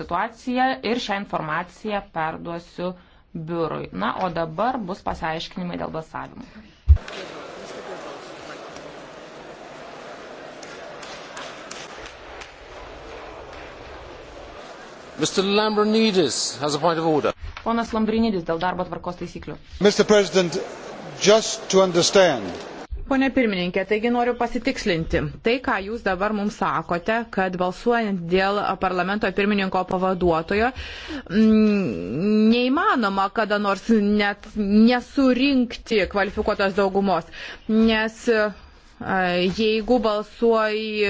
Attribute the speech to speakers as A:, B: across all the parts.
A: situaciją ir šią informaciją perduosiu biurui. Na, o dabar bus pasiaiškinimai dėl balsavimo. Ponas Lambrinidis dėl darbo tvarkos taisyklių. Mr. President, just to understand,
B: Pone pirmininkė, taigi noriu pasitikslinti. Tai, ką jūs dabar mums sakote, kad balsuojant dėl parlamento pirmininko pavaduotojo, mm, neįmanoma kada nors net nesurinkti kvalifikuotos daugumos, nes jeigu balsuoji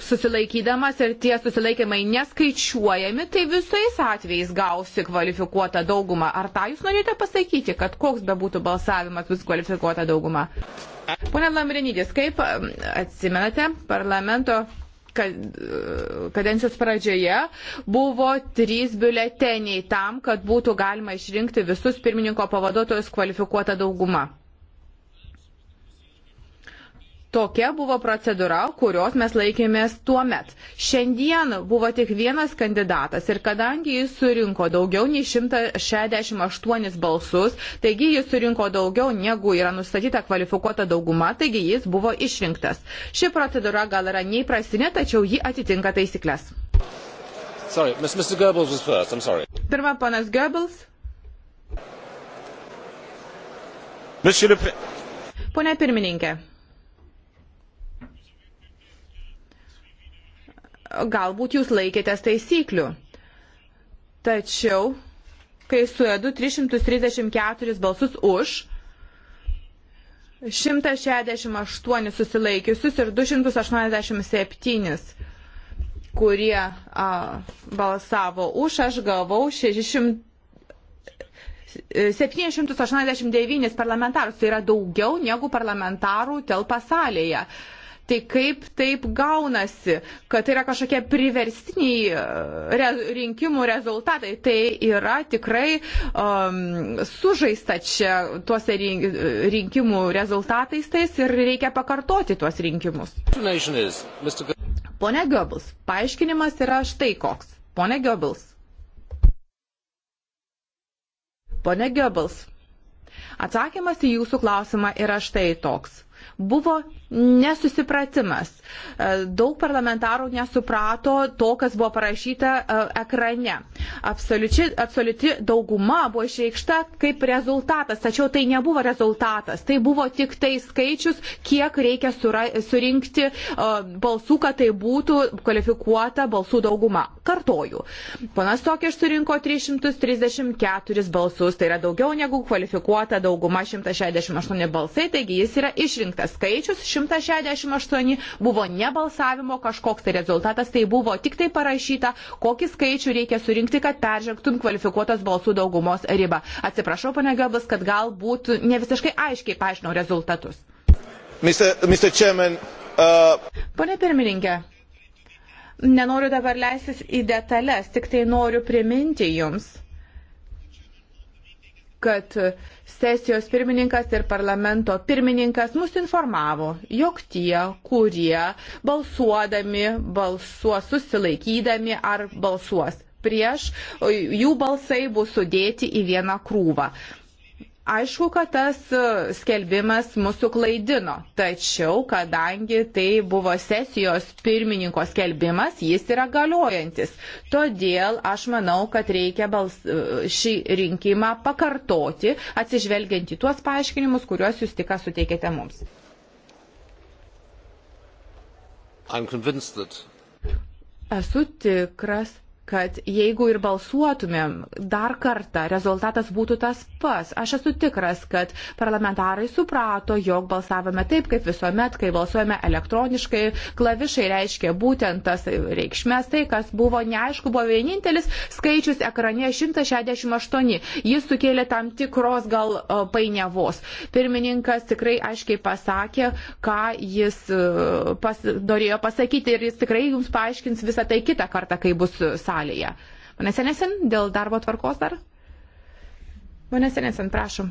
B: susilaikydamas ir tie susilaikymai neskaičiuojami, tai visais atvejais gausi kvalifikuotą daugumą. Ar tą jūs norite pasakyti, kad koks bebūtų balsavimas bus kvalifikuota dauguma? Pone Lamrinidis, kaip atsimenate, parlamento kadencijos pradžioje buvo trys biuleteniai tam, kad būtų galima išrinkti visus pirmininko pavaduotojus kvalifikuotą daugumą. Tokia buvo procedūra, kurios mes laikėmės tuo met. Šiandien buvo tik vienas kandidatas ir kadangi jis surinko daugiau nei 168 balsus, taigi jis surinko daugiau negu yra nustatyta kvalifikuota dauguma, taigi jis buvo išrinktas. Ši procedūra gal yra neįprastinė, tačiau ji atitinka taisyklės.
A: Sorry, Mr. Goebbels was first, I'm sorry.
B: Pirma, panas Goebbels. Pone pirmininkė. galbūt jūs laikėtės taisyklių. Tačiau, kai suėdu 334 balsus už, 168 susilaikiusius ir 287 kurie a, balsavo už, aš gavau 600, 789 e, parlamentarus. Tai yra daugiau negu parlamentarų telpa salėje. A, Tai kaip taip gaunasi, kad tai yra kažkokie priverstiniai e, re, rinkimų rezultatai, tai yra tikrai um, sužaista čia tuose rink, rinkimų rezultatais tais ir reikia pakartoti tuos rinkimus. Pone Goebbels, paaiškinimas yra štai koks. Pone Goebbels. Pone Goebbels, atsakymas į jūsų klausimą yra štai toks. Buvo nesusipratimas. E, daug parlamentarų nesuprato to, kas buvo parašyta e, ekrane. Absoliuti, absoliuti dauguma buvo išreikšta kaip rezultatas, tačiau tai nebuvo rezultatas. Tai buvo tik tai skaičius, kiek reikia sura, surinkti e, balsų, kad tai būtų kvalifikuota balsų dauguma. Kartoju. Ponas Tokė surinko 334 balsus, tai yra daugiau negu kvalifikuota dauguma 168 balsai, taigi jis yra išrinktas skaičius 168 buvo nebalsavimo kažkoks tai rezultatas, tai buvo tik tai parašyta, kokį skaičių reikia surinkti, kad peržengtum kvalifikuotos balsų daugumos ribą. Atsiprašau, pane Gabas, kad galbūt ne visiškai aiškiai paaiškinau rezultatus.
C: Mr. Mr. Chairman, uh...
B: Pane pirmininkė, nenoriu dabar leistis į detalės, tik tai noriu priminti jums kad sesijos pirmininkas ir parlamento pirmininkas mus informavo, jog tie, kurie balsuodami balsuos susilaikydami ar balsuos prieš, jų balsai bus sudėti į vieną krūvą. Aišku, kad tas e, skelbimas mūsų klaidino, tačiau kadangi tai buvo sesijos pirmininko skelbimas, jis yra galiojantis. Todėl aš manau, kad reikia bals, e, šį rinkimą pakartoti, atsižvelgiant į tuos paaiškinimus, kuriuos jūs tik suteikėte mums. Esu tikras, kad jeigu ir balsuotumėm dar kartą, rezultatas būtų tas pas. Aš esu tikras, kad parlamentarai suprato, jog balsavome taip, kaip visuomet, kai balsuojame elektroniškai. Klavišai reiškia būtent tas reikšmės, tai kas buvo neaišku, buvo vienintelis skaičius ekrane 168. Jis sukėlė tam tikros gal painiavos. Pirmininkas tikrai aiškiai pasakė, ką jis e, pas, norėjo pasakyti ir jis tikrai jums paaiškins visą tai kitą kartą, kai bus sąlyga salėje. Mane senesin, dėl darbo tvarkos dar? Mane senesin, prašom.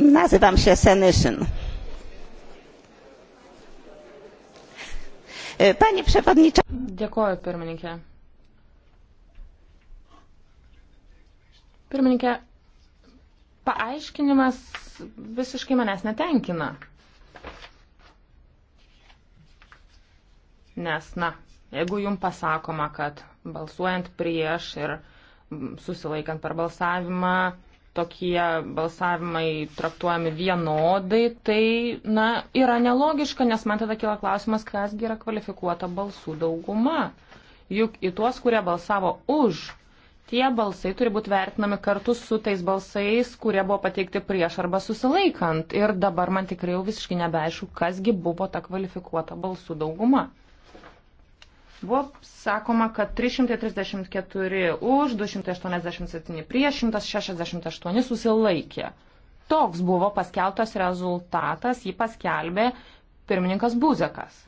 B: Nazywam się Senyszyn.
A: Panie Przewodniczący. Dziękuję, pirmininkė. Pirmininkė, paaiškinimas visiškai manęs netenkina. Nes, na, Jeigu jums pasakoma, kad balsuojant prieš ir susilaikant per balsavimą, tokie balsavimai traktuojami vienodai, tai, na, yra nelogiška, nes man tada kyla klausimas, kasgi yra kvalifikuota balsų dauguma. Juk į tuos, kurie balsavo už, tie balsai turi būti vertinami kartu su tais balsais, kurie buvo pateikti prieš arba susilaikant. Ir dabar man tikrai jau visiškai nebeaišku, kasgi buvo ta kvalifikuota balsų dauguma. Buvo sakoma, kad 334 už, 287 prieš, 168 susilaikė. Toks buvo paskeltas rezultatas, jį paskelbė pirmininkas Buzekas.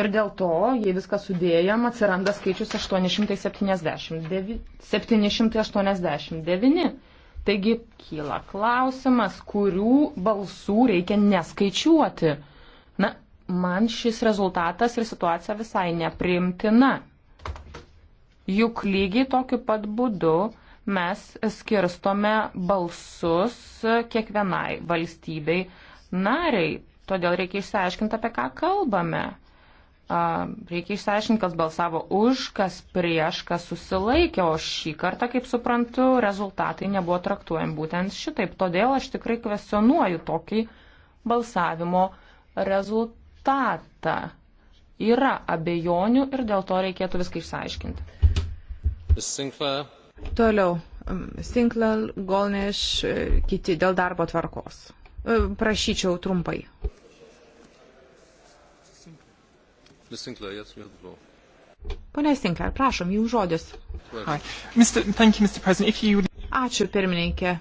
A: Ir dėl to, jei viską sudėjom, atsiranda skaičius 879. 789. Taigi kyla klausimas, kurių balsų reikia neskaičiuoti. Na, man šis rezultatas ir situacija visai neprimtina. Juk lygiai tokiu pat būdu mes skirstome balsus kiekvienai valstybei nariai. Todėl reikia išsiaiškinti, apie ką kalbame. Reikia išsiaiškinti, kas balsavo už, kas prieš, kas susilaikė, o šį kartą, kaip suprantu, rezultatai nebuvo traktuojami būtent šitaip. Todėl aš tikrai kvesionuoju tokį balsavimo rezultatą rezultatą. Yra abejonių ir dėl to reikėtų viską išsiaiškinti. Toliau.
B: Mm, Sinkler, Golniš, kiti dėl darbo tvarkos. E, prašyčiau trumpai. Pone Sinkler, prašom, jums žodis. Ačiū, pirmininkė.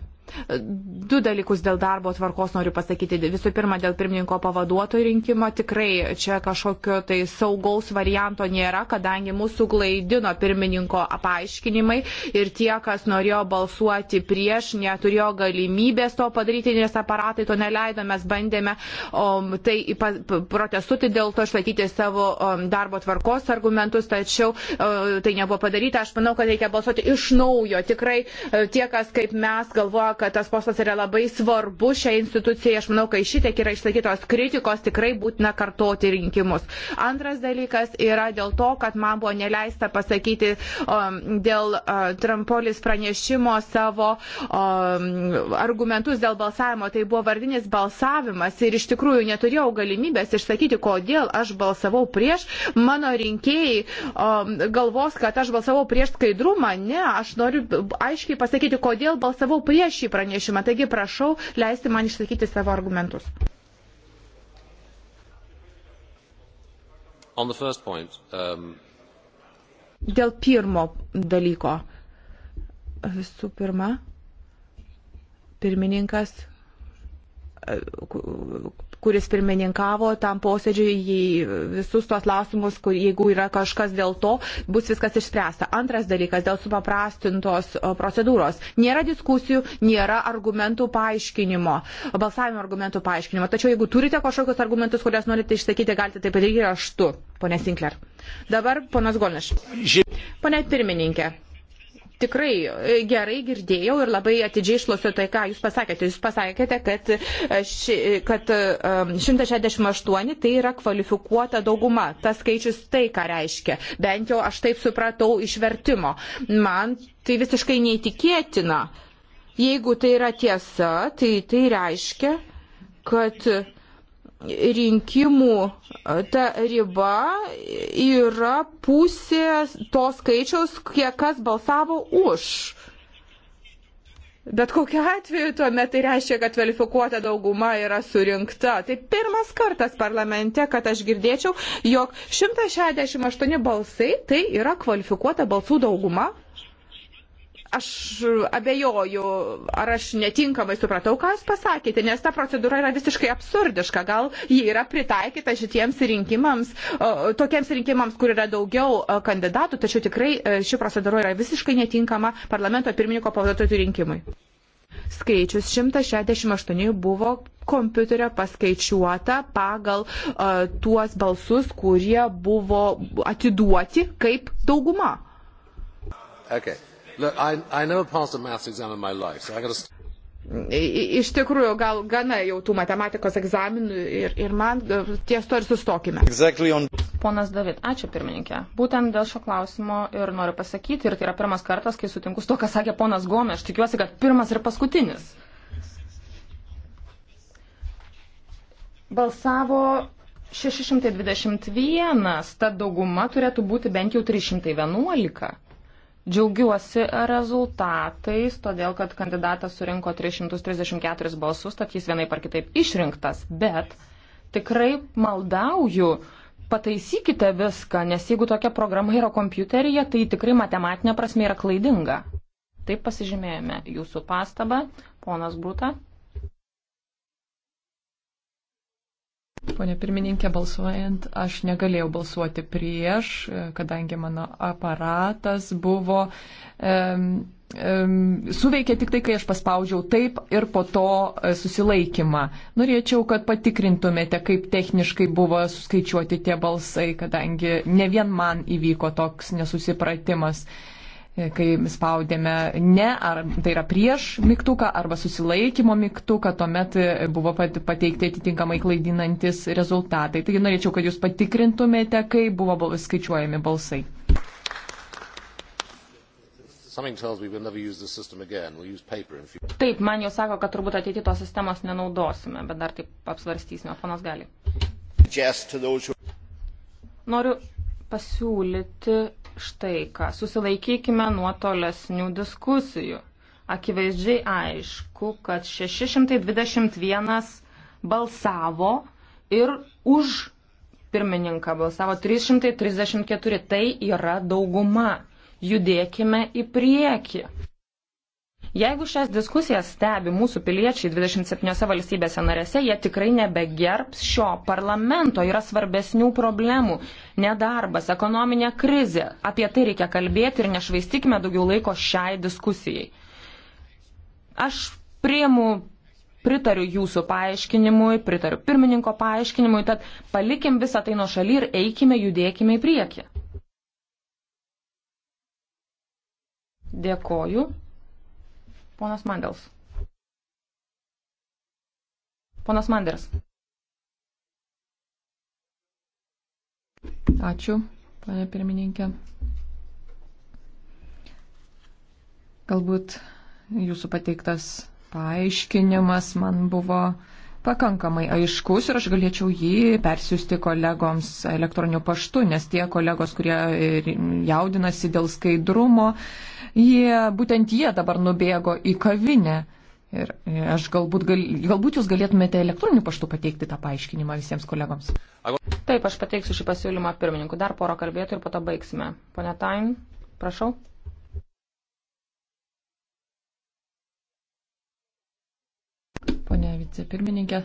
B: Du dalykus dėl darbo tvarkos noriu pasakyti. Visų pirma, dėl pirmininko pavaduotojų rinkimo tikrai čia kažkokio tai saugaus varianto nėra, kadangi mūsų klaidino pirmininko paaiškinimai ir tie, kas norėjo balsuoti prieš, neturėjo galimybės to padaryti, nes aparatai to neleido, mes bandėme o, um, tai protestuoti dėl to, išlaikyti savo o, um, darbo tvarkos argumentus, tačiau o, uh, tai nebuvo padaryta. Aš manau, kad reikia balsuoti iš naujo. Tikrai uh, tie, kas kaip mes galvoja, kad tas postas yra labai svarbus šiai institucijai. Aš manau, kai šitiek yra išsakytos kritikos, tikrai būtina kartoti rinkimus. Antras dalykas yra dėl to, kad man buvo neleista pasakyti um, dėl uh, Trampolis pranešimo savo um, argumentus dėl balsavimo. Tai buvo vardinis balsavimas ir iš tikrųjų neturėjau galimybės išsakyti, kodėl aš balsavau prieš. Mano rinkėjai um, galvos, kad aš balsavau prieš skaidrumą. Ne, aš noriu aiškiai pasakyti, kodėl balsavau prieš šį šį pranešimą. Taigi prašau leisti man išsakyti savo argumentus.
A: Point, um...
B: Dėl pirmo dalyko. Visų pirma, pirmininkas e, kuris pirmininkavo tam posėdžiui, jei visus tuos klausimus, kur, jeigu yra kažkas dėl to, bus viskas išspręsta. Antras dalykas dėl supaprastintos procedūros. Nėra diskusijų, nėra argumentų paaiškinimo, balsavimo argumentų paaiškinimo. Tačiau jeigu turite kažkokius argumentus, kuriuos norite išsakyti, galite tai padaryti raštu, ponė Sinkler. Dabar ponas Golniš. Pone pirmininkė tikrai e, gerai girdėjau ir labai atidžiai išklausiau tai, ką jūs pasakėte. Jūs pasakėte, kad, e, ši, e, kad 168 tai yra kvalifikuota dauguma. Tas skaičius tai, ką reiškia. Bent jau aš taip supratau iš vertimo. Man tai visiškai neįtikėtina. Jeigu tai yra tiesa, tai tai reiškia, kad rinkimų ta riba yra pusė to skaičiaus, kiek kas balsavo už. Bet kokiu atveju tuomet tai reiškia, kad kvalifikuota dauguma yra surinkta. Tai pirmas kartas parlamente, kad aš girdėčiau, jog 168 balsai tai yra kvalifikuota balsų dauguma aš abejoju, ar aš netinkamai supratau, ką jūs pasakėte, nes ta procedūra yra visiškai absurdiška. Gal ji yra pritaikyta šitiems rinkimams, tokiems rinkimams, kur yra daugiau kandidatų, tačiau tikrai e, ši procedūra yra visiškai netinkama parlamento pirmininko pavaduotojų rinkimui. Skaičius 168 buvo kompiuterio paskaičiuota pagal uh, tuos balsus, kurie buvo atiduoti kaip dauguma.
A: Okay. Look, I, I never passed a maths exam in my life, so I gotta...
B: Iš tikrųjų, gal gana jau tų matematikos
A: egzaminų ir, ir man e, ties to ir sustokime. Exactly on... Ponas David, ačiū pirmininkė. Būtent dėl šio klausimo ir noriu pasakyti, ir tai yra pirmas kartas, kai sutinku su to, ką sakė ponas Gomė. Aš tikiuosi, kad pirmas ir paskutinis. Balsavo 621, ta dauguma turėtų būti bent jau 311. Džiaugiuosi rezultatais, todėl kad kandidatas surinko 334 balsus, tad jis vienai par kitaip išrinktas. Bet tikrai maldauju, pataisykite viską, nes jeigu tokia programa yra kompiuteryje, tai tikrai matematinė prasme yra klaidinga. Taip pasižymėjome jūsų pastabą, ponas Bruta.
C: Pone pirmininkė, balsuojant, aš negalėjau balsuoti prieš, kadangi mano aparatas buvo. Um, um, Suveikė tik tai, kai aš paspaudžiau taip ir po to e, susilaikymą. Norėčiau, kad patikrintumėte, kaip techniškai buvo suskaičiuoti tie balsai, kadangi ne vien man įvyko toks nesusipratimas. Uh, E, kai spaudėme ne, ar tai yra prieš mygtuką arba susilaikymo mygtuką, tuomet e, buvo pateikti atitinkamai klaidinantis rezultatai. Taigi norėčiau, kad jūs patikrintumėte, kai buvo skaičiuojami balsai.
A: Taip, man jau sako, kad turbūt ateityje tos sistemos nenaudosime, bet dar taip apsvarstysime, panas gali. Noriu pasiūlyti štai ką. Susilaikykime nuo tolesnių diskusijų. Akivaizdžiai aišku, kad 621 balsavo ir už pirmininką balsavo 334. Tai yra dauguma. Judėkime į priekį. Jeigu šias diskusijas stebi mūsų piliečiai 27 valstybėse narėse, jie tikrai nebegerbs šio parlamento, yra svarbesnių problemų - nedarbas, ekonominė krizė. Apie tai reikia kalbėti ir nešvaistikime daugiau laiko šiai diskusijai. Aš priimu, pritariu jūsų paaiškinimui, pritariu pirmininko paaiškinimui, tad palikim visą tai nuo šaly ir eikime, judėkime į priekį. Dėkoju. Ponas Mandels. Ponas Manders.
C: Ačiū, ponė pirmininkė. Galbūt jūsų pateiktas paaiškinimas man buvo pakankamai aiškus ir aš galėčiau jį persiųsti kolegoms elektroniniu paštu, nes tie kolegos, kurie jaudinasi dėl skaidrumo, jie, būtent jie dabar nubėgo į kavinę. Ir aš galbūt, gal, galbūt jūs galėtumėte elektroniniu paštu pateikti tą paaiškinimą visiems kolegoms.
A: Taip, aš pateiksiu šį pasiūlymą pirmininku. Dar porą kalbėtų ir po to baigsime. Pone Tain, prašau.
C: vicepirmininkė.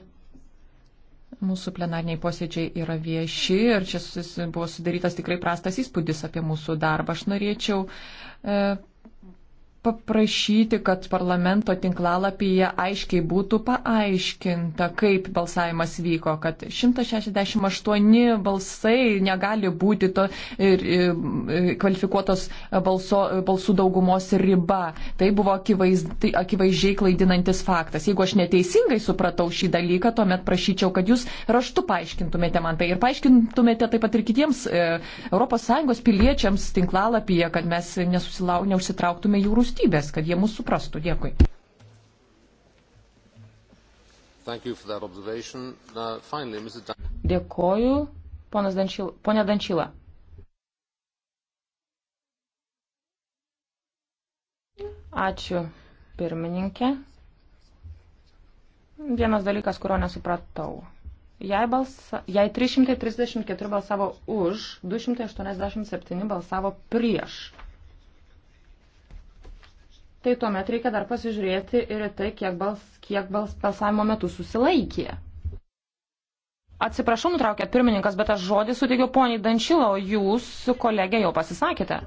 C: Mūsų plenariniai posėdžiai yra vieši ir čia buvo sudarytas tikrai prastas įspūdis apie mūsų darbą. Aš norėčiau e, paprašyti, kad parlamento tinklalapyje aiškiai būtų paaiškinta, kaip balsavimas vyko, kad 168 balsai negali būti to ir, ir, kvalifikuotos balso, balsų daugumos riba. Tai buvo akivaiz, tai akivaizdžiai klaidinantis faktas. Jeigu aš neteisingai supratau šį dalyką, tuomet prašyčiau, kad jūs raštu paaiškintumėte man tai ir paaiškintumėte taip pat ir kitiems e, ES piliečiams tinklalapyje, kad mes neužsitrauktume jūrų valstybės, kad jie mūsų suprastų. Dėkui.
A: Uh, finally, Dan... Dėkoju, Dančil... ponė Dančila. Ačiū, pirmininkė. Vienas dalykas, kurio nesupratau. Jei, balsa, jei 334 balsavo už, 287 balsavo prieš tai tuomet reikia dar pasižiūrėti ir į tai, kiek, bals, kiek bals, balsavimo metu susilaikė. Atsiprašau, nutraukė pirmininkas, bet aš žodį suteikiau poniai Dančilo, o jūs su kolegė jau pasisakėte.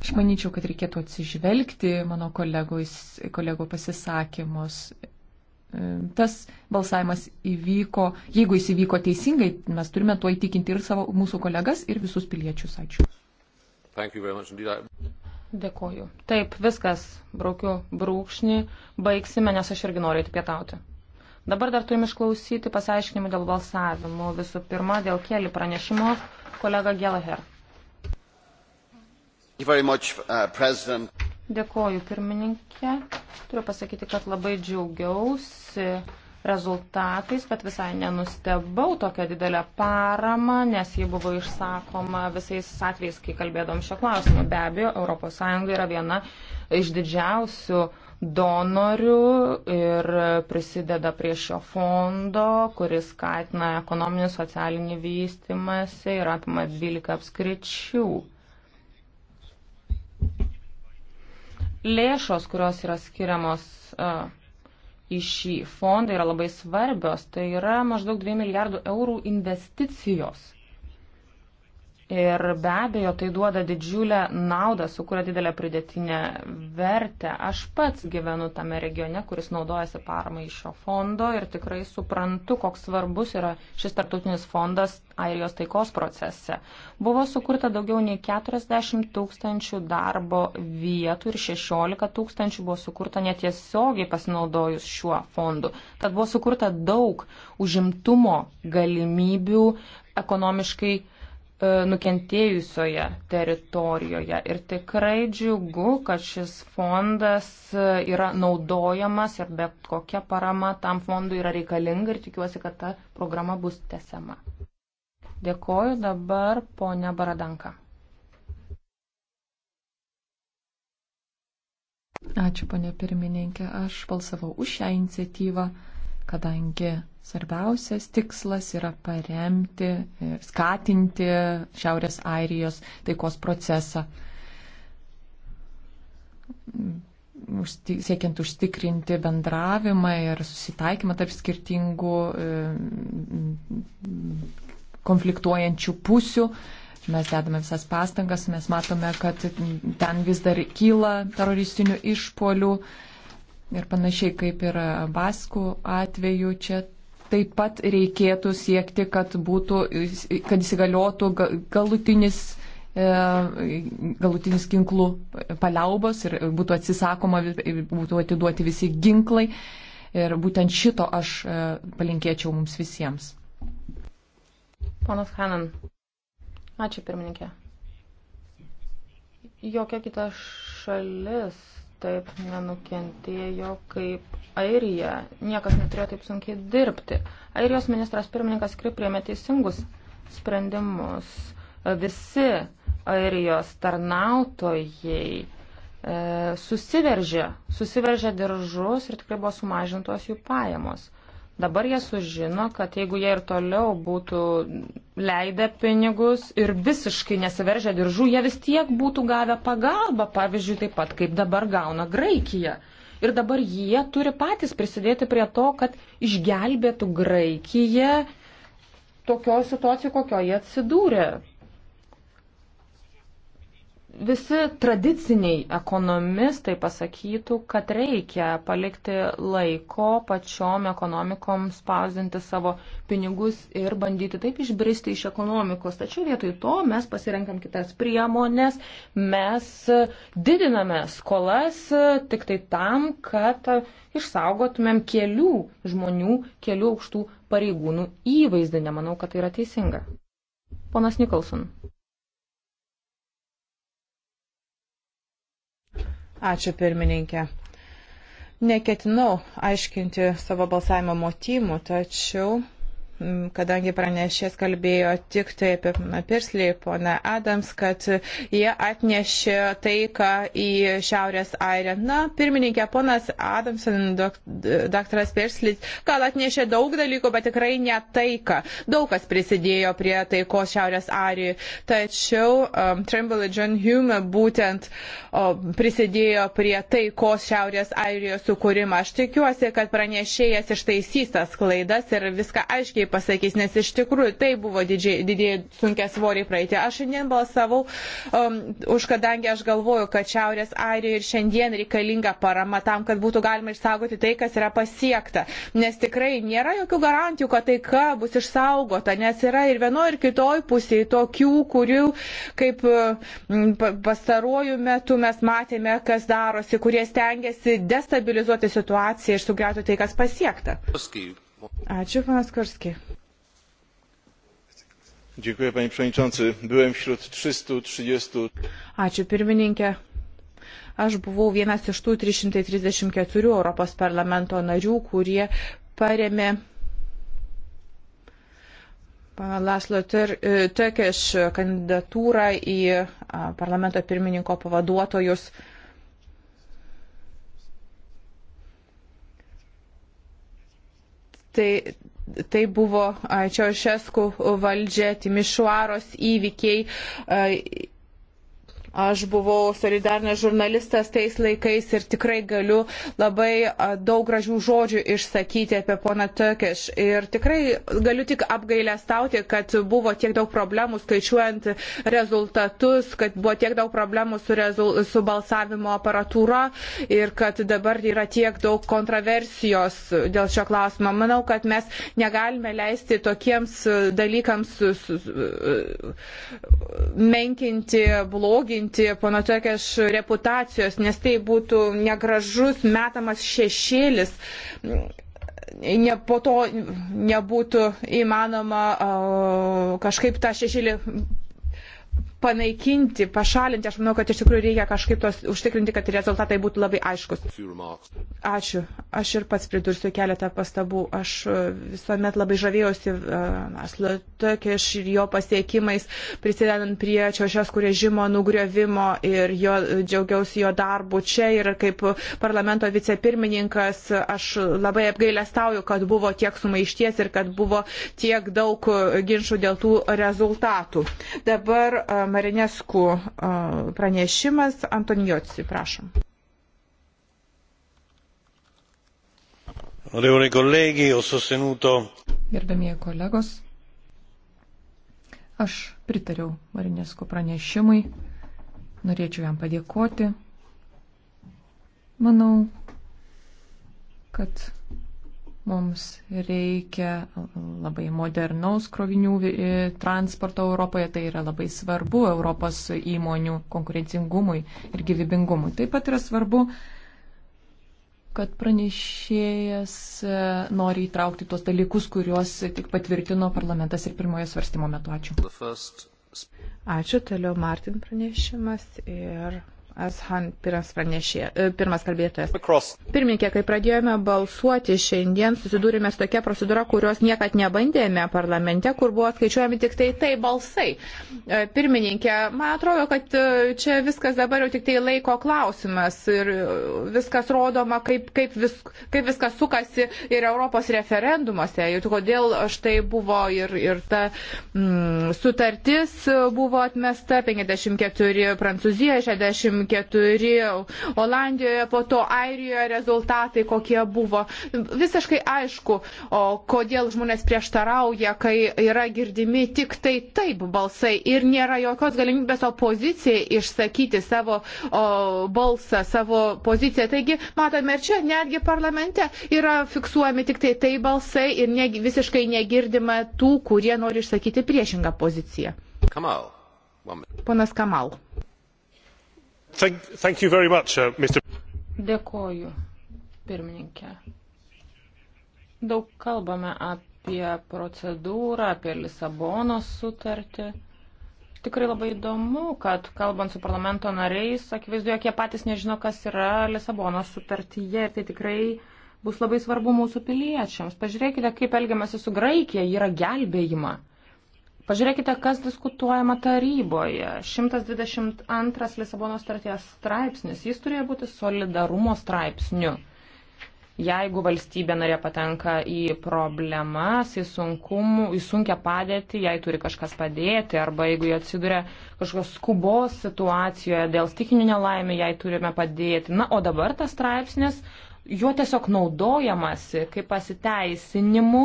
C: Aš manyčiau, kad reikėtų atsižvelgti mano kolegos, kolego pasisakymus tas balsavimas įvyko, jeigu jis įvyko teisingai, mes turime tuo įtikinti ir savo, mūsų kolegas, ir visus piliečius. Ačiū. Dėkoju.
A: Taip, viskas, braukiu brūkšnį, baigsime, nes aš irgi noriu eiti pietauti. Dabar dar turime išklausyti pasiaiškinimų dėl balsavimų. Visų pirma, dėl kelių pranešimo kolega Gelaher.
C: Much, uh, President.
A: Dėkoju pirmininkė. Turiu pasakyti, kad labai džiaugiausi rezultatais, bet visai nenustebau tokią didelę paramą, nes ji buvo išsakoma visais atvejais, kai kalbėdom šio klausimu. Be abejo, ES yra viena iš didžiausių donorių ir prisideda prie šio fondo, kuris skatina ekonominį, socialinį vystimąsi ir apima 12 apskričių. lėšos, kurios yra skiriamos uh, į šį fondą, yra labai svarbios. Tai yra maždaug 2 milijardų eurų investicijos. Ir be abejo, tai duoda didžiulę naudą, sukuria didelę pridėtinę vertę. Aš pats gyvenu tame regione, kuris naudojasi paramą iš šio fondo ir tikrai suprantu, koks svarbus yra šis tartutinis fondas Airijos taikos procese. Buvo sukurta daugiau nei 40 tūkstančių darbo vietų ir 16 tūkstančių buvo sukurta netiesiogiai pasinaudojus šiuo fondu. Tad buvo sukurta daug užimtumo galimybių ekonomiškai E, nukentėjusioje teritorijoje. Ir tikrai džiugu, kad šis fondas e, yra naudojamas ir bet kokia parama tam fondui yra reikalinga ir tikiuosi, kad ta programa bus tesiama. Dėkoju dabar ponia Baradanka.
C: Ačiū, ponė pirmininkė. Aš balsavau už šią iniciatyvą kadangi svarbiausias tikslas yra paremti ir skatinti Šiaurės Airijos taikos procesą, siekiant užtikrinti bendravimą ir susitaikymą tarp skirtingų e, konfliktuojančių pusių mes dedame visas pastangas, mes matome, kad ten vis dar kyla teroristinių išpolių, Ir panašiai kaip ir baskų atveju, čia taip pat reikėtų siekti, kad, būtų, kad įsigaliotų galutinis, e, galutinis ginklų paliaubos ir būtų atsisakoma, būtų atiduoti visi ginklai. Ir būtent šito aš e, palinkėčiau mums visiems.
A: Ponas Hanan, ačiū pirmininkė. Jokia kita šalis taip nenukentėjo kaip Airija. Niekas neturėjo taip sunkiai dirbti. Airijos ministras pirmininkas tikrai priemė teisingus sprendimus. Visi Airijos tarnautojai e, susiveržė, susiveržė diržus ir tikrai buvo sumažintos jų pajamos. Dabar jie sužino, kad jeigu jie ir toliau būtų leidę pinigus ir visiškai nesiveržę diržų, jie vis tiek būtų gavę pagalbą, pavyzdžiui, taip pat kaip dabar gauna Graikija. Ir dabar jie turi patys prisidėti prie to, kad išgelbėtų Graikiją tokio situacijų, kokioje atsidūrė visi tradiciniai ekonomistai pasakytų, kad reikia palikti laiko pačiom ekonomikom spausdinti savo pinigus ir bandyti taip išbristi iš ekonomikos. Tačiau vietoj to mes pasirenkam kitas priemonės, mes didiname skolas tik tai tam, kad išsaugotumėm kelių žmonių, kelių aukštų pareigūnų įvaizdį. Nemanau, kad tai yra teisinga. Ponas Nikolson.
B: Ačiū pirmininkė. Neketinau aiškinti savo balsavimo motyvų, tačiau kadangi pranešės kalbėjo tik tai apie Pirslį, pona Adams, kad jie atnešė taiką į Šiaurės Airę. Na, pirmininkė, ponas Adams, daktaras Pirslis, gal atnešė daug dalykų, bet tikrai ne taiką. Daug kas prisidėjo prie taikos Šiaurės Airijai. Tačiau um, Trimble ir John Hume būtent um, prisidėjo prie taikos Šiaurės Airijos sukūrimą. Aš tikiuosi, kad pranešėjas ištaisys tas klaidas ir viską aiškiai pasakys, nes iš tikrųjų tai buvo didieji sunkia svoriai praeitį. Aš šiandien balsavau um, už, kadangi aš galvoju, kad Šiaurės Airijoje ir šiandien reikalinga parama tam, kad būtų galima išsaugoti tai, kas yra pasiekta. Nes tikrai nėra jokių garantijų, kad taika bus išsaugota, nes yra ir vienoje, ir kitoje pusėje tokių, kurių, kaip pastaruoju metu mes matėme, kas darosi, kurie stengiasi destabilizuoti situaciją ir sugriauti tai, kas pasiekta. Paskui. Ačiū, panas Korski.
A: Dziękuję, panie przewodniczący. Byłem wśród 330.
B: Ačiū, pirmininkė. Aš buvau vienas iš tų 334 Europos parlamento narių, kurie paremė Pana Laslo e, Tekeš kandidatūrą į parlamento pirmininko pavaduotojus. Tai, tai buvo Čiošeskų valdžia, Timišuaros įvykiai Aš buvau solidarnas žurnalistas tais laikais ir tikrai galiu labai daug gražių žodžių išsakyti apie poną Tökeš. Ir tikrai galiu tik apgailę stauti, kad buvo tiek daug problemų skaičiuojant rezultatus, kad buvo tiek daug problemų su, rezul... su balsavimo aparatūra ir kad dabar yra tiek daug kontroversijos dėl šio klausimo. Manau, kad mes negalime leisti tokiems dalykams menkinti, bloginti sumenkinti pono Tekeš reputacijos, nes tai būtų negražus metamas šešėlis ne, po to nebūtų įmanoma o, kažkaip tą šešėlį panaikinti, pašalinti. Aš manau, kad iš tikrųjų reikia kažkaip tos užtikrinti, kad rezultatai būtų labai aiškus. Ačiū. Aš ir pats pridursiu keletą pastabų. Aš e, visuomet labai žavėjausi e, Aslo Tökeš ir jo pasiekimais, prisidedant prie Čiošiaskų režimo nugriovimo ir jo, džiaugiausi jo darbu čia ir kaip parlamento vicepirmininkas. Aš labai apgailestauju, kad buvo tiek sumaišties ir kad buvo tiek daug ginčių dėl tų rezultatų. Dabar um, Marinesku pranešimas. Antonijoci, prašom. Onorevoli kolegi, ho sostenuto.
C: Gerbėmieji kolegos, aš pritariau Marinesko pranešimui, norėčiau jam padėkoti. Manau, kad Mums reikia labai modernaus krovinių e, transporto Europoje, tai yra labai svarbu Europos įmonių konkurencingumui ir gyvybingumui. Taip pat yra svarbu, kad pranešėjas e, nori įtraukti tuos dalykus, kuriuos tik patvirtino parlamentas ir pirmojo svarstymo metu. Ačiū. Ačiū, toliau Martin pranešimas ir Ashan pirmas,
B: pranešė, e, pirmas kalbėtojas. Pirmininkė, kai pradėjome balsuoti šiandien, susidūrėme su tokia procedūra, kurios niekad nebandėme parlamente, kur buvo skaičiuojami tik tai tai balsai. E, pirmininkė, man atrodo, kad e, čia viskas dabar jau tik tai laiko klausimas ir viskas rodoma, kaip, kaip, vis, kaip viskas sukasi ir Europos referendumuose. Ir kodėl štai buvo ir, ir ta mm, sutartis buvo atmesta 54 Prancūzija, 60 4, Olandijoje, po to Airijoje rezultatai kokie buvo. Visiškai aišku, o kodėl žmonės prieštarauja, kai yra girdimi tik tai taip balsai ir nėra jokios galimybės opozicijai išsakyti savo o, balsą, savo poziciją. Taigi, matome ir čia, netgi parlamente yra fiksuojami tik tai tai balsai ir ne, visiškai negirdima tų, kurie nori išsakyti priešingą poziciją.
A: Kamal. Ponas Kamal. Thank, thank you very much, uh, Mr. Dėkoju, pirmininkė. Daug kalbame apie procedūrą, apie Lisabonos sutartį. Tikrai labai įdomu, kad kalbant su parlamento nariais, akivaizdu, jog jie patys nežino, kas yra Lisabonos sutartyje ir tai tikrai bus labai svarbu mūsų piliečiams. Pažiūrėkite, kaip elgiamasi su Graikija, ji yra gelbėjima. Pažiūrėkite, kas diskutuojama taryboje. 122 Lisabono starties straipsnis, jis turėjo būti solidarumo straipsniu. Jeigu valstybė narė patenka į problemas, į sunkumų, į sunkę padėtį, jai turi kažkas padėti, arba jeigu jie atsiduria kažkokios skubos situacijoje dėl stikinių nelaimė, jai turime padėti. Na, o dabar tas straipsnis, juo tiesiog naudojamasi kaip pasiteisinimu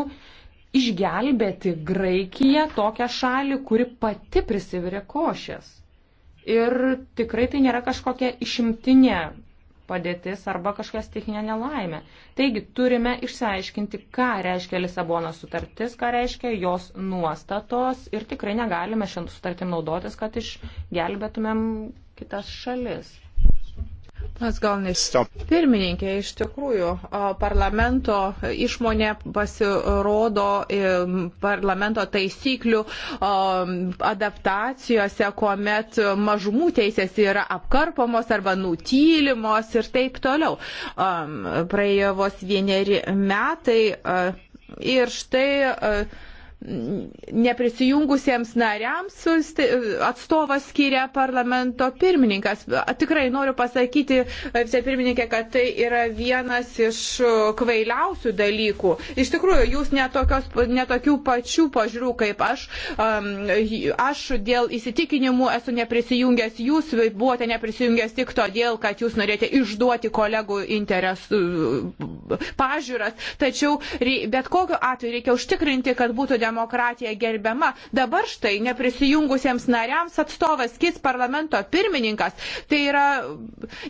A: išgelbėti Graikiją, tokią šalį, kuri pati prisivirė košės. Ir tikrai tai nėra kažkokia išimtinė padėtis arba kažkokia stichinė nelaimė. Taigi turime išsiaiškinti, ką reiškia Lisabono sutartis, ką reiškia jos nuostatos ir tikrai negalime šiandien sutartim naudotis, kad išgelbėtumėm kitas šalis.
B: Mes gal nes. Pirmininkė, iš tikrųjų, parlamento išmonė pasirodo parlamento taisyklių adaptacijose, kuomet mažumų teisės yra apkarpomos arba nutylimos ir taip toliau. Praėjo vos vieneri metai ir štai neprisijungusiems nariams atstovas skiria parlamento pirmininkas. Tikrai noriu pasakyti, vicepirmininkė, kad tai yra vienas iš kvailiausių dalykų. Iš tikrųjų, jūs netokios, netokių pačių pažiūrų kaip aš. Aš dėl įsitikinimų esu neprisijungęs, jūs buvote neprisijungęs tik todėl, kad jūs norėjote išduoti kolegų interesų pažiūras. Tačiau bet kokiu atveju reikia užtikrinti, kad būtų demokratija demokratija gerbiama. Dabar štai neprisijungusiems nariams atstovas kis parlamento pirmininkas. Tai yra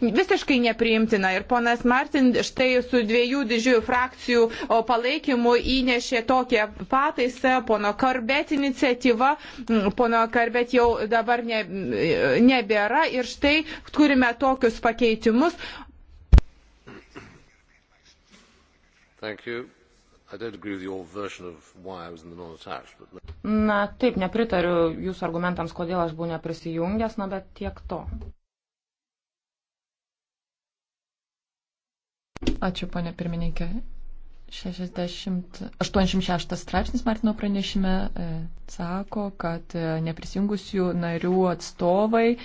B: visiškai nepriimtina. Ir ponas Martin štai su dviejų didžiųjų frakcijų palaikymu įnešė tokią pataisą, pono Karbet iniciatyva, pono Karbet jau dabar ne, nebėra. Ir štai turime tokius pakeitimus.
A: Thank you. Na taip, nepritariu jūsų argumentams, kodėl aš buvau neprisijungęs, na bet tiek to.
C: Ačiū, ponė pirmininkė. 60, 86 straipsnis Martino pranešime e, sako, kad e, neprisijungusių narių atstovai e,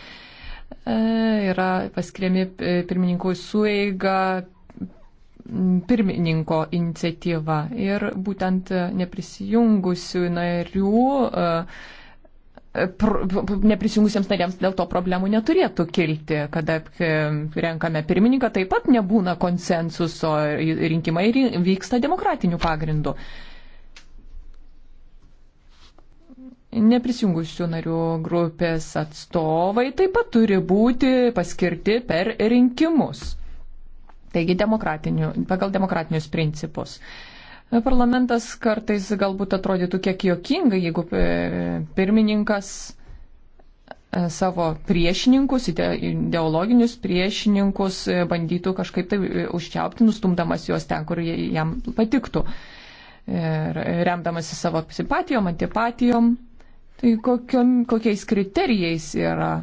C: yra paskiriami e, pirmininkui sueiga pirmininko iniciatyva ir būtent neprisijungusių narių e, neprisijungusiems nariams dėl to problemų neturėtų kilti, kada e, renkame pirmininką, taip pat nebūna konsensuso, rinkimai vyksta demokratiniu pagrindu. Neprisijungusių narių grupės atstovai taip pat turi būti paskirti per rinkimus. Taigi pagal demokratinius principus. Parlamentas kartais galbūt atrodytų kiek jokinga, jeigu e, pirmininkas e, savo priešininkus, ideologinius priešininkus e, bandytų kažkaip tai užčiaupti, nustumdamas juos ten, kur jam patiktų. Ir remdamasi savo simpatijom, antipatijom, tai kokiom, kokiais kriterijais yra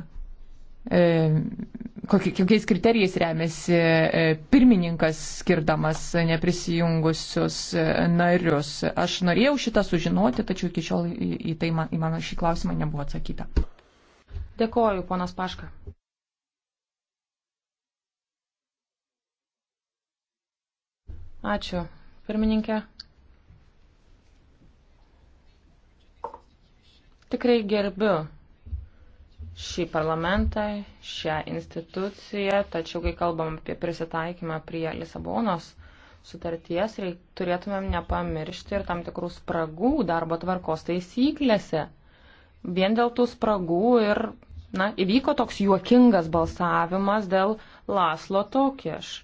C: E, kokiais kriterijais remiasi e, pirmininkas skirdamas neprisijungusius e, narius. Aš norėjau šitą sužinoti, tačiau iki šiol į, tai man, į mano šį klausimą nebuvo atsakyta.
A: Dėkoju, ponas Paška. Ačiū, pirmininkė. Tikrai gerbiu šį parlamentą, šią instituciją, tačiau kai kalbam apie prisitaikymą prie Lisabonos sutarties, reik, turėtumėm nepamiršti ir tam tikrų spragų darbo tvarkos taisyklėse. Vien dėl tų spragų ir, na, įvyko toks juokingas balsavimas dėl Laslo Tokieš.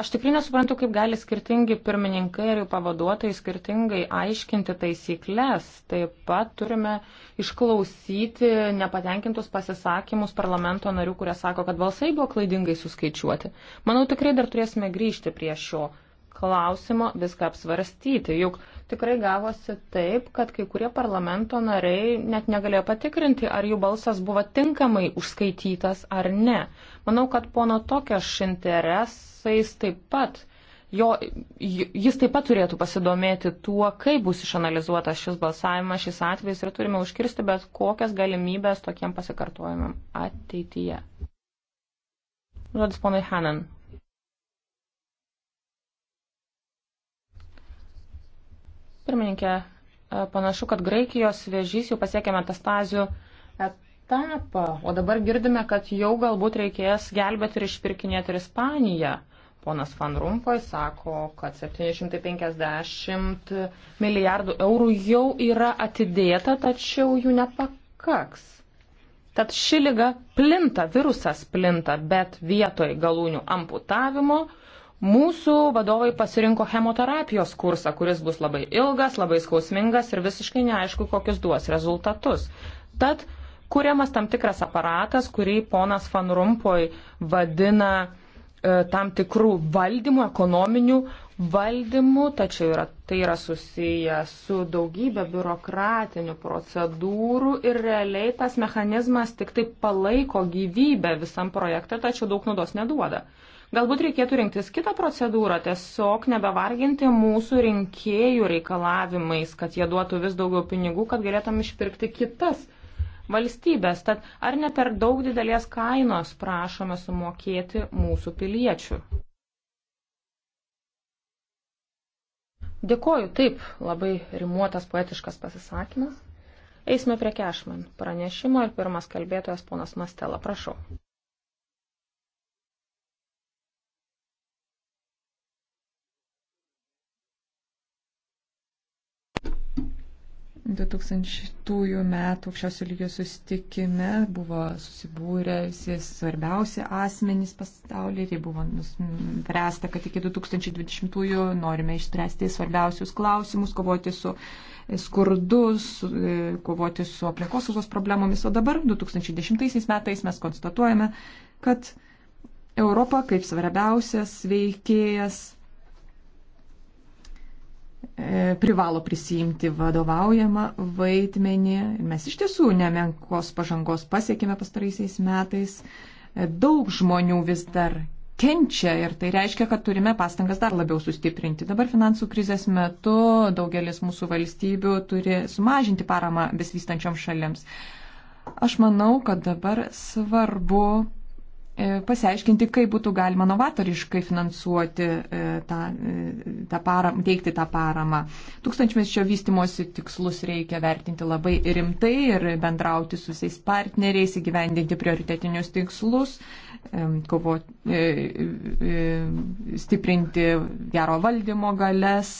A: Aš tikrai nesuprantu, kaip gali skirtingi pirmininkai ir jų pavaduotojai skirtingai aiškinti taisyklės. Taip pat turime išklausyti nepatenkintus pasisakymus parlamento narių, kurie sako, kad balsai buvo klaidingai suskaičiuoti. Manau, tikrai dar turėsime grįžti prie šio klausimo viską apsvarstyti. Juk tikrai gavosi taip, kad kai kurie parlamento nariai net negalėjo patikrinti, ar jų balsas buvo tinkamai užskaitytas ar ne. Manau, kad pono tokias interesais taip pat. Jo, jis taip pat turėtų pasidomėti tuo, kaip bus išanalizuotas šis balsavimas, šis atvejis ir turime užkirsti bet kokias galimybės tokiem pasikartojimam ateityje. Žodis ponui Hanan. Pirmininkė, e, panašu, kad Graikijos vėžys jau pasiekė metastazių etapą, o dabar girdime, kad jau galbūt reikės gelbėti ir išpirkinėti ir Ispaniją. Ponas Van Rumpoj sako, kad 750 milijardų eurų jau yra atidėta, tačiau jų nepakaks. Tad ši lyga plinta, virusas plinta, bet vietoj galūnių amputavimo Mūsų vadovai pasirinko chemoterapijos kursą, kuris bus labai ilgas, labai skausmingas ir visiškai neaišku, kokius duos rezultatus. Tad kuriamas tam tikras aparatas, kurį ponas Van Rumpoj vadina e, tam tikrų valdymų, ekonominių valdymų, tačiau yra, tai yra susiję su daugybė biurokratinių procedūrų ir realiai tas mechanizmas tik tai palaiko gyvybę visam projektui, tačiau daug naudos neduoda. Galbūt reikėtų rinktis kitą procedūrą, tiesiog nebevarginti mūsų rinkėjų reikalavimais, kad jie duotų vis daugiau pinigų, kad galėtum išpirkti kitas valstybės. Tad ar ne per daug didelės kainos prašome sumokėti mūsų piliečių? Dėkoju, taip, labai rimuotas poetiškas pasisakymas. Eisime prie Kešman pranešimo ir pirmas kalbėtojas ponas Mastela, prašau.
C: 2000 metų aukščiausio lygio susitikime buvo susibūrę visi svarbiausi asmenys pasaulyje ir tai buvo nuspręsta, kad iki 2020 norime išspręsti svarbiausius klausimus, kovoti su skurdus, e, kovoti su aplinkosaugos problemomis. O dabar 2010 metais mes konstatuojame, kad Europa kaip svarbiausias veikėjas E, privalo prisijimti vadovaujamą vaidmenį. Mes iš tiesų nemenkos pažangos pasiekime pastaraisiais metais. E, daug žmonių vis dar kenčia ir tai reiškia, kad turime pastangas dar labiau sustiprinti. Dabar finansų krizės metu daugelis mūsų valstybių turi sumažinti paramą besivystančiom šalims. Aš manau, kad dabar svarbu E, pasiaiškinti, kaip būtų galima novatoriškai finansuoti e, tą, e, tą paramą, teikti tą paramą. Tūkstančmečio vystimosi tikslus reikia vertinti labai rimtai ir bendrauti su visais partneriais, įgyvendinti prioritetinius tikslus, kovo, stiprinti gero valdymo galės,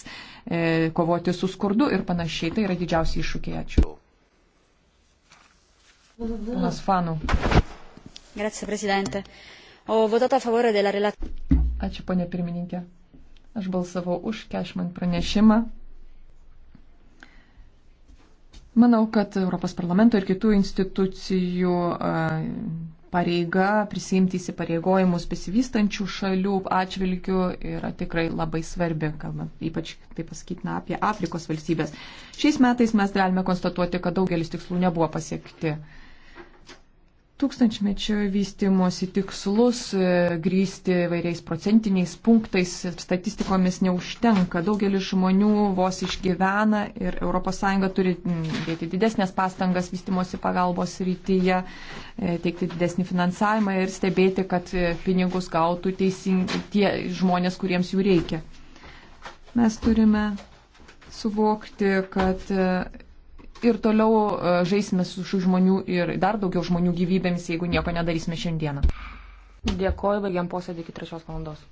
C: kovoti su skurdu ir panašiai. Tai yra didžiausi iššūkiai. Ačiū. Ponas Fanų. Grazie, prezidente. O votato a favore della relazione. Ačiū, ponė pirmininkė. Aš balsavau už Kešman pranešimą. Manau, kad Europos parlamento ir kitų institucijų pareiga prisimti įsipareigojimus besivystančių šalių atžvilgių yra tikrai labai svarbi, kalbant ypač, taip pasakytina, apie Afrikos valstybės. Šiais metais mes galime konstatuoti, kad daugelis tikslų nebuvo pasiekti tūkstančmečio vystimosi tikslus e, grįsti vairiais procentiniais punktais, statistikomis neužtenka. Daugelis žmonių vos išgyvena ir ES turi dėti didesnės pastangas vystimosi pagalbos rytyje, e, teikti didesnį finansavimą ir stebėti, kad e, pinigus gautų teisingi tie žmonės, kuriems jų reikia. Mes turime suvokti, kad ir toliau e, žaisime su šių žmonių ir dar daugiau žmonių gyvybėmis, jeigu nieko nedarysime šiandieną.
A: Dėkoju, baigiam posėdį iki trečios valandos.